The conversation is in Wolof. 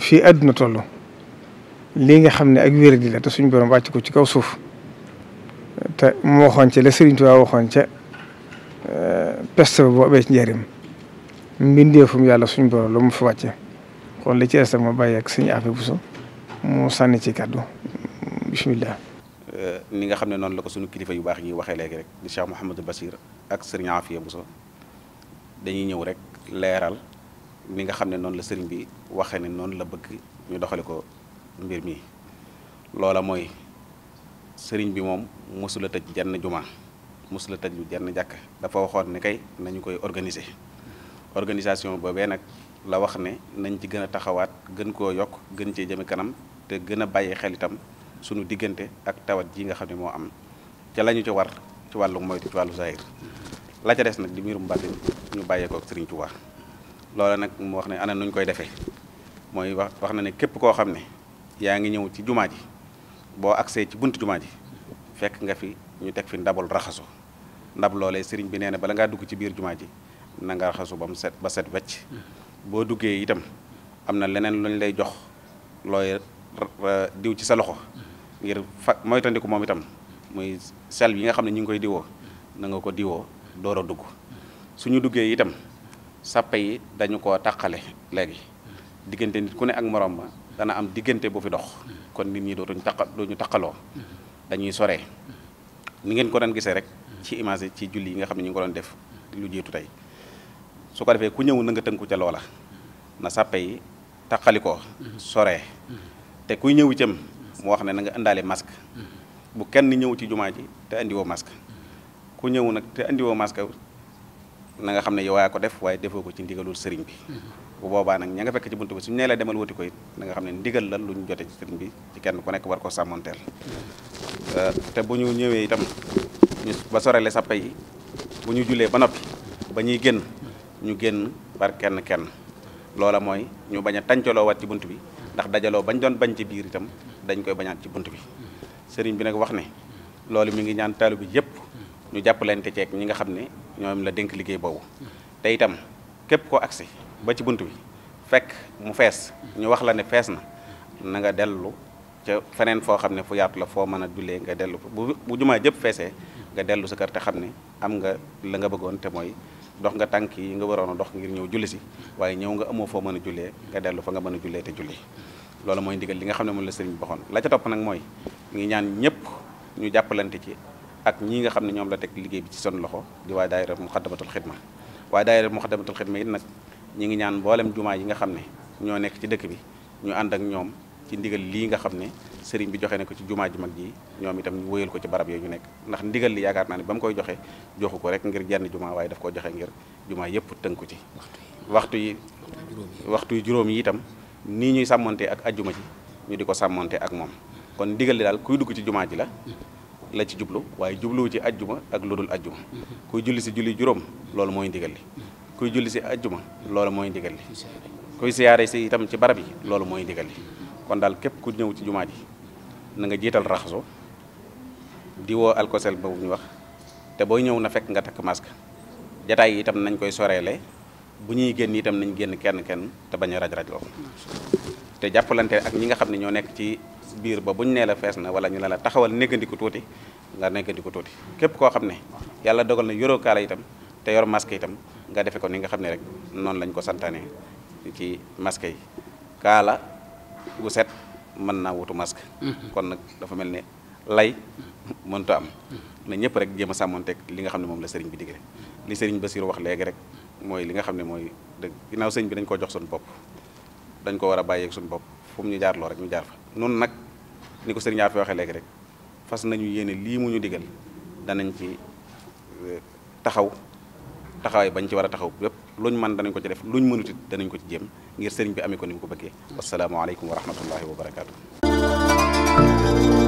fii àdduna toll lii nga xam ne ak wér di la te suñ borom wàcc ko ci kaw suuf te mu waxoon ca la Sëriñ Tuubaa waxoon ca peste boo bee ci njëriñ mbindeefum yàlla suñ borom la mu fa wàcce kon li ci des ma bàyyi ak suñu affaire bu so mu sànni ci kàddu bisimilah. ni nga xam ne noonu la ko suñu kilifa yu baax yi ñuy waxee léegi rek di Cheikh Mouhamadou Bassir ak Serigne Afia Bousso dañuy ñëw rek leeral. ni nga xam ne noonu la sëriñ bi waxee ne noonu la bëgg ñu doxale ko mbir mi loola mooy sëriñ bi moom mosula tëj jenn jumaa mosula tëj lu jenn jàkk dafa waxoon ne kay nañu koy organiser organisation boobee nag la wax ne nañ ci gën a taxawaat gën koo yokk gën cee jëme kanam te gën a bàyyi xel itam sunu diggante ak tawat jii nga xam ne moo am ca la ñu ci war ci wàllu moytu ci wàllu zahir la ca des nag di mbirum bàtin ñu bàyyee ko ak sëriñ Tuubaa loola nag mu wax ne ana nuñ koy defee mooy wax wax na ne képp koo xam ne yaa ngi ñëw ci jumaa ji boo agsee ci buntu jumaa ji fekk nga fi ñu teg fi ndabul raxasu ndab loolee sëriñ bi nee na bala ngaa dugg ci biir jumaa ji na nga raxasu ba mu set ba set wecc boo duggee itam am na leneen luñ lay jox looy diw ci sa loxo ngir fa moytandiku moom itam muy sel yi nga xam ne ñu ngi koy diwoo nanga ko diwoo door a dugg suñu duggee itam sàppe yi dañu ko taqale léegi diggante nit ku ne ak moroom ma dana am diggante bu fi dox kon nit ñi dootuñu taqa dooñu taqaloo dañuy soree ni ngeen ko doon gisee rek ci image ci julli yi nga xam ne ñu ngi ko doon def lu jiitu tey su ko defee ku ñëw na nga tënku ca loola na sàppe yi taqali ko soree te kuy ñëw itam mu wax ne na nga indaale masque bu kenn ñëw ci jumaa ji te indiwoo masque ku ñëw nag te indiwoo masque na nga xamne yow ya ko def way defoko ci ndigalul serigne bi mm-hmm. bu boba nak ña nga fekk ci buntu bi su nee demal wuti ko it na nga xamne ndigal la luñu jotté ci serigne bi ci kenn ku nekk war ko sàmmonteel mm-hmm. te bu ñu itam ñu ba sorele sa pay buñu jullé ba nopi ba ñuy ñu genn par kenn kenn loola moy ñu baña wat ci buntu bi ndax dajalo bañ doon bañ ci biir itam dañ koy bañat ci buntu bi mm-hmm. serigne bi nak wax né loolu mi ngi ñaan bi yépp ñu ci ak ñi nga xam ñoom la denk liggéey boobu te itam képp koo agsi ba ci bunt bi fekk mu fees ñu wax la ne fees na na nga dellu ca feneen foo xam ne fu yaatu la foo mën a jullee nga dellu bu bu jumaa jëpp feesee nga dellu sa kër xam ne am nga la nga bëggoon te mooy dox nga tànk yi nga waroon a dox ngir ñëw julli si waaye ñëw nga amoo foo mën a jullee nga dellu fa nga mën a jullee te julli loolu mooy ndigal li nga xam ne moom la sëriñ bi waxoon la ca topp nag mooy ngi ñaan ñëpp ñu jàppalante ci ak ñi nga xam ne ñoom la teg liggéey bi ci soon loxo di waa daayira muxaddamatul xidma waaye daayira muxaddamatul xidma it nag ñi ngi ñaan mboolem jumaa yi nga xam ne ñoo nekk ci dëkk bi ñu ànd ak ñoom ci ndigal lii nga xam ne sëriñ bi joxe na ko ci jumaa ji mag ji ñoom itam ñu wéyal ko ci barab yooyu ñu nekk ndax ndigal li yaakaar naa ne ba mu koy joxe joxu ko rek ngir jenn jumaa waaye daf ko joxe ngir jumaa yépp tënku ci waxtu yi waxtu yi juróom yi itam ni ñuy sàmmonte ak ajjuma ji ñu di ko sàmmonte ak moom kon ndigal li daal kuy dugg ci jumaa ji la la ci djublu waye djublu ci aljuma ak lu aljuma ajjuma julli ci julli djuroom lolou moy ndigal li ku julli ci aljuma lolou moy ndigal li kuy siyaare si ci barab yi lolou moy ndigal li kon dal kep ku ñew ci djuma ji na nga jital raxasu di wo alkosel ba buñ wax te boy ñew na fek nga tak masque jotaay yi itam nañ koy sorélé buñuy genn itam nañ genn kenn kenn te baña raj raj lo te jàppalante ak ñi nga xam ne ñoo nekk ci biir ba bu buñ nee la fees na wala ñu ne la taxawal néggandiku tuuti nga néggandiku tuuti képp koo xam ne yàlla dogal na yoroo kaala itam te yor masque itam nga defe ko ni nga xam ne rek noonu lañ ko santaane ci masque yi kaala gu set mën naa wutu masque mm-hmm. kon nag dafa mel ne lay mënta am na ñëpp rek jéem a sàmmonteeg li nga xam ne moom la sëriñ bi digle li sëriñ Basiru wax léegi rek mooy li nga xam ne mooy dëgg ginnaaw sëriñ bi dañ koo jox suñu bopp dañ ko war a bàyyeeg suñu bopp fu mu ñu jaarloo rek ñu jaar fa nun nag ni ko sëriñ fi waxee léegi rek fas nañu yéene lii mu ñu digal danañ ci euh, taxaw taxawaay bañ ci war a taxaw yépp luñ mën danañ ko ci def ñu mënut it danañ ko ci jëm ngir sëriñ bi amee ko ni mu ko bëggee. asalaamaaleykum wa rahmatullahi wa barakaatu.